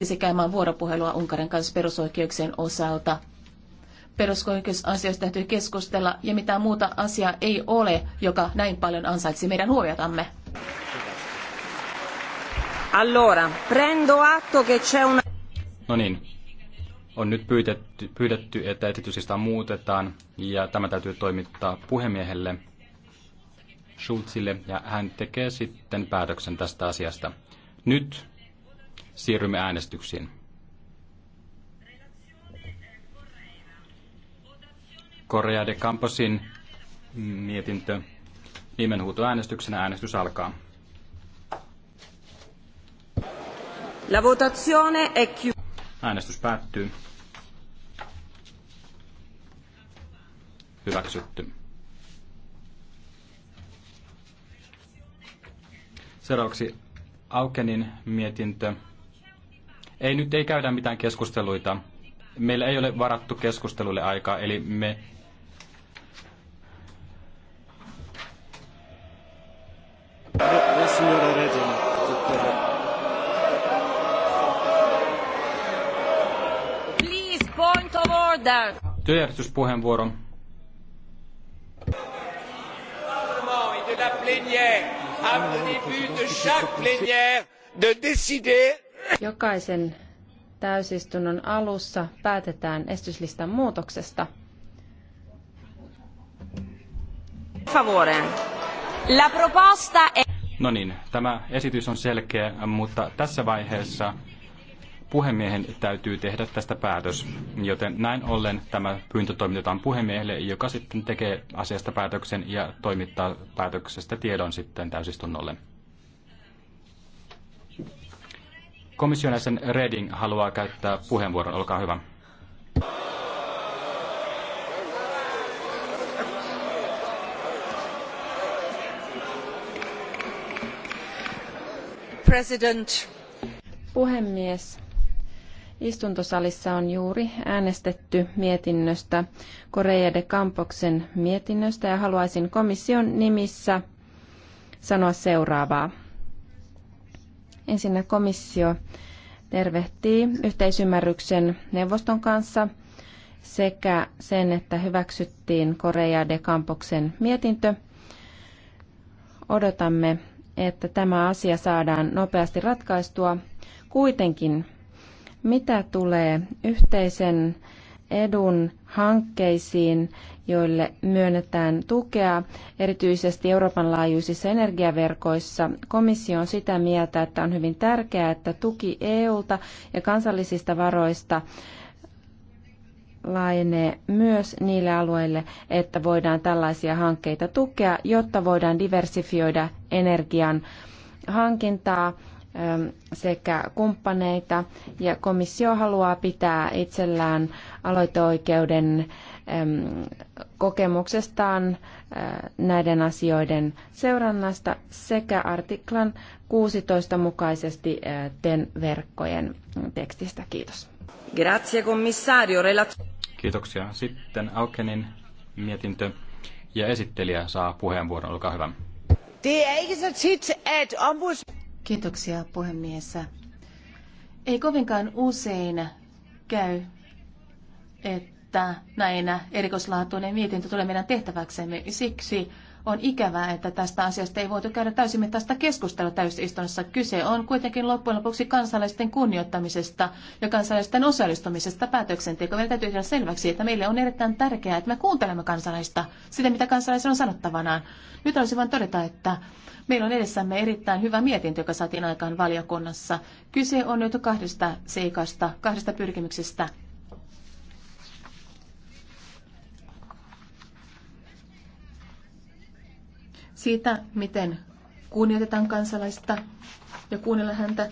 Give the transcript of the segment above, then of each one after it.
lähtisi käymään vuoropuhelua Unkarin kanssa perusoikeuksien osalta. Perusoikeusasioista täytyy keskustella ja mitään muuta asiaa ei ole, joka näin paljon ansaitsi meidän huomiotamme. Allora, prendo atto che c'è una... No niin, on nyt pyydetty, pyydetty että esitysistä muutetaan ja tämä täytyy toimittaa puhemiehelle Schulzille ja hän tekee sitten päätöksen tästä asiasta. Nyt Siirrymme äänestyksiin. Korea de Camposin mietintö. äänestyksenä. äänestys alkaa. La votazione è chi... Äänestys päättyy. Hyväksytty. Seuraavaksi Aukenin mietintö. Ei nyt ei käydä mitään keskusteluita. Meillä ei ole varattu keskustelulle aikaa, eli me Please, point of order. Työjärjestyspuheenvuoro avant le début de chaque plénière de décider Jokaisen täysistunnon alussa päätetään estyslistan muutoksesta. Favore. La proposta è... No niin, tämä esitys on selkeä, mutta tässä vaiheessa puhemiehen täytyy tehdä tästä päätös, joten näin ollen tämä pyyntö toimitetaan puhemiehelle, joka sitten tekee asiasta päätöksen ja toimittaa päätöksestä tiedon sitten täysistunnolle. Komission jäsen Reding haluaa käyttää puheenvuoron. Olkaa hyvä. President. Puhemies Istuntosalissa on juuri äänestetty mietinnöstä, Korea de Kampoksen mietinnöstä, ja haluaisin komission nimissä sanoa seuraavaa. Ensinnä komissio tervehtii yhteisymmärryksen neuvoston kanssa sekä sen, että hyväksyttiin Korea de Kampoksen mietintö. Odotamme, että tämä asia saadaan nopeasti ratkaistua. Kuitenkin mitä tulee yhteisen edun hankkeisiin, joille myönnetään tukea, erityisesti Euroopan laajuisissa energiaverkoissa. Komissio on sitä mieltä, että on hyvin tärkeää, että tuki EUlta ja kansallisista varoista laajenee myös niille alueille, että voidaan tällaisia hankkeita tukea, jotta voidaan diversifioida energian hankintaa Ähm, sekä kumppaneita ja komissio haluaa pitää itsellään aloiteoikeuden ähm, kokemuksestaan äh, näiden asioiden seurannasta sekä artiklan 16 mukaisesti äh, TEN-verkkojen tekstistä. Kiitos. Grazie, commissario. Kiitoksia. Sitten Aukenin mietintö ja esittelijä saa puheenvuoron. Olkaa hyvä. Det er ikke så tit, at ombuds... Kiitoksia puhemies. Ei kovinkaan usein käy, että näinä erikoislaatuinen mietintö tulee meidän tehtäväksemme. Siksi on ikävää, että tästä asiasta ei voitu käydä täysimittaista keskustelua täysistunnossa. Kyse on kuitenkin loppujen lopuksi kansalaisten kunnioittamisesta ja kansalaisten osallistumisesta päätöksentekoon. Meidän täytyy tehdä selväksi, että meille on erittäin tärkeää, että me kuuntelemme kansalaista, sitä mitä kansalaisen on sanottavanaan. Nyt olisi vain todeta, että meillä on edessämme erittäin hyvä mietintö, joka saatiin aikaan valiokunnassa. Kyse on nyt kahdesta seikasta, kahdesta pyrkimyksestä siitä, miten kunnioitetaan kansalaista ja kuunnella häntä.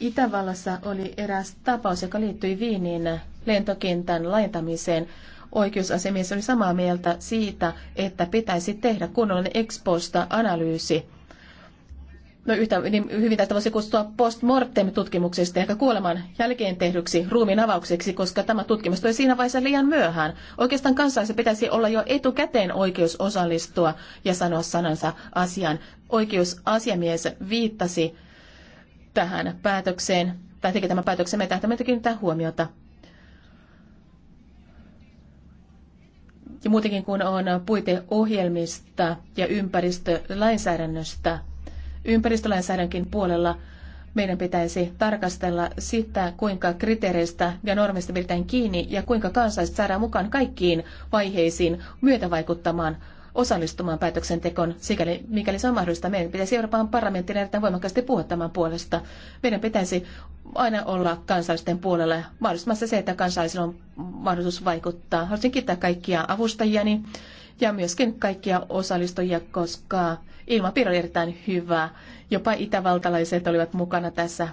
Itävallassa oli eräs tapaus, joka liittyi viiniin lentokentän laajentamiseen. Oikeusasiamies oli samaa mieltä siitä, että pitäisi tehdä kunnollinen exposta analyysi no yhtä niin hyvin tästä voisi kutsua postmortem-tutkimuksesta, ehkä kuoleman jälkeen tehdyksi ruumiin avaukseksi, koska tämä tutkimus tuli siinä vaiheessa liian myöhään. Oikeastaan kansalaisen pitäisi olla jo etukäteen oikeus osallistua ja sanoa sanansa asian. Oikeusasiamies viittasi tähän päätökseen, tai teki tämän päätöksen, me tähtämme kiinnittää huomiota. Ja muutenkin kun on puiteohjelmista ja ympäristölainsäädännöstä ympäristölainsäädännön puolella meidän pitäisi tarkastella sitä, kuinka kriteereistä ja normista pidetään kiinni ja kuinka kansalaiset saadaan mukaan kaikkiin vaiheisiin myötävaikuttamaan osallistumaan päätöksentekoon, sikäli, mikäli se on mahdollista. Meidän pitäisi Euroopan parlamenttiin erittäin voimakkaasti puhua tämän puolesta. Meidän pitäisi aina olla kansallisten puolella mahdollistamassa se, että kansalaisilla on mahdollisuus vaikuttaa. Haluaisin kiittää kaikkia avustajiani, ja myöskin kaikkia osallistujia, koska ilmapiiri oli erittäin hyvä. Jopa itävaltalaiset olivat mukana tässä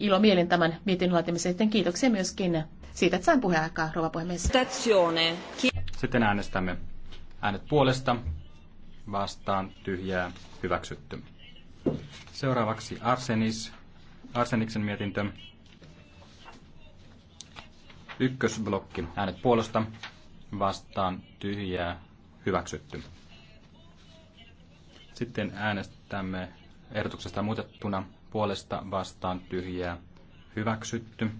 ilomielin tämän mietinnön laatimiseen. Kiitoksia myöskin siitä, että sain puheaikaa, rouva puhemies. Sitten äänestämme. Äänet puolesta, vastaan, tyhjää, hyväksytty. Seuraavaksi Arsenis, Arseniksen mietintö. Ykkösblokki. Äänet puolesta, vastaan, tyhjää, hyväksytty. Sitten äänestämme ehdotuksesta muutettuna puolesta vastaan tyhjää hyväksytty.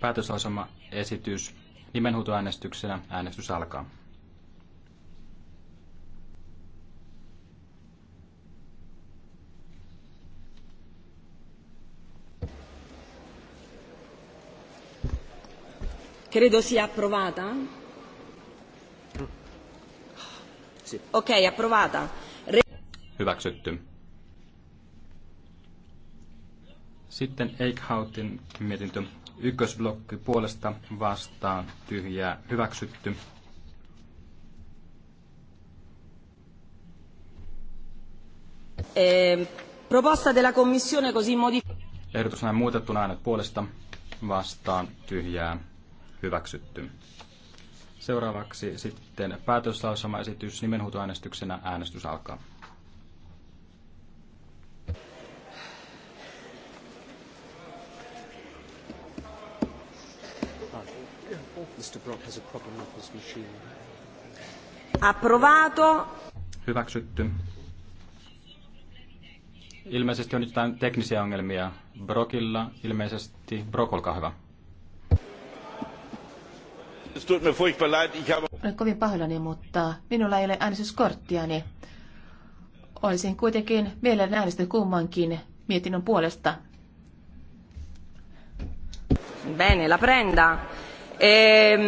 Päätöslausema esitys nimenhuutoäänestyksenä äänestys alkaa. Credo sia approvata. Okei, okay, approvata. Re- Hyväksytty. Sitten Eichhautin mietintö. Ykkösblokki puolesta vastaan tyhjää hyväksytty. Eh, proposta della commissione così modificata. Ehdotus näin muutettuna äänet puolesta vastaan tyhjää hyväksytty. Seuraavaksi sitten päätöslauselmaesitys nimenhuutoäänestyksenä. Äänestys alkaa. Mr. Brock has a problem with his machine. Approvato. Hyväksytty. Ilmeisesti on jotain teknisiä ongelmia Brokilla. Ilmeisesti Brok, olkaa hyvä. Olen kovin pahoillani, mutta minulla ei ole äänestyskorttiani. Olisin kuitenkin mielelläni äänestänyt kummankin mietinnön puolesta. Bene, la prenda. Ehm,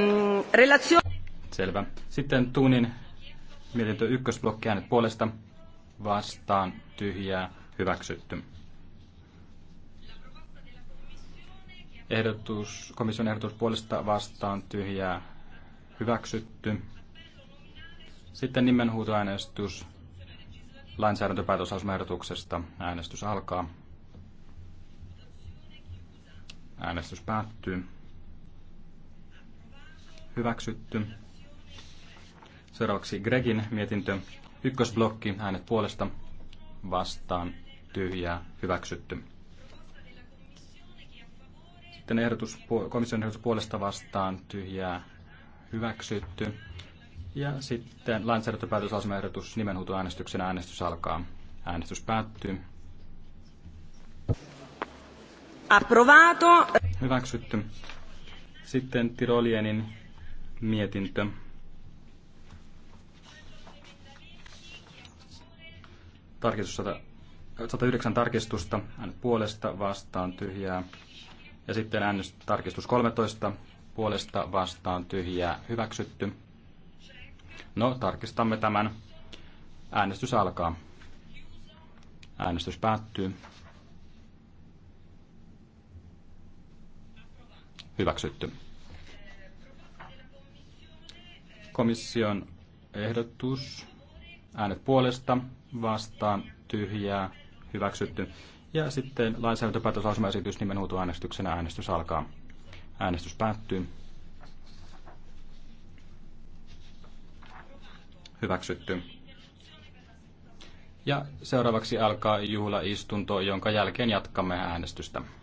Selvä. Sitten Tuunin mietintö ykkösblokki äänet puolesta vastaan tyhjää hyväksytty. Ehdotus, komission ehdotus puolesta vastaan tyhjää hyväksytty. Sitten nimenhuutoäänestys lainsäädäntöpäätösasmaehdotuksesta. Äänestys alkaa. Äänestys päättyy. Hyväksytty. Seuraavaksi Gregin mietintö. Ykkösblokki, äänet puolesta, vastaan, tyhjää, hyväksytty. Sitten ehdotus, komission ehdotus puolesta vastaan tyhjää hyväksytty. Ja sitten lainsäädäntöpäätöslausumaehdotus nimenhuutoäänestyksen äänestys alkaa. Äänestys päättyy. Approvato. Hyväksytty. Sitten Tirolienin mietintö. Tarkistus 109 tarkistusta. Äänet puolesta vastaan tyhjää ja sitten äänestystarkistus 13 puolesta vastaan tyhjää hyväksytty. No, tarkistamme tämän. Äänestys alkaa. Äänestys päättyy. Hyväksytty. Komission ehdotus. Äänet puolesta vastaan tyhjää hyväksytty. Ja sitten lainsäädäntöpäätöslausumaesitys äänestyksenä. äänestys alkaa. Äänestys päättyy. Hyväksytty. Ja seuraavaksi alkaa juhlaistunto, jonka jälkeen jatkamme äänestystä.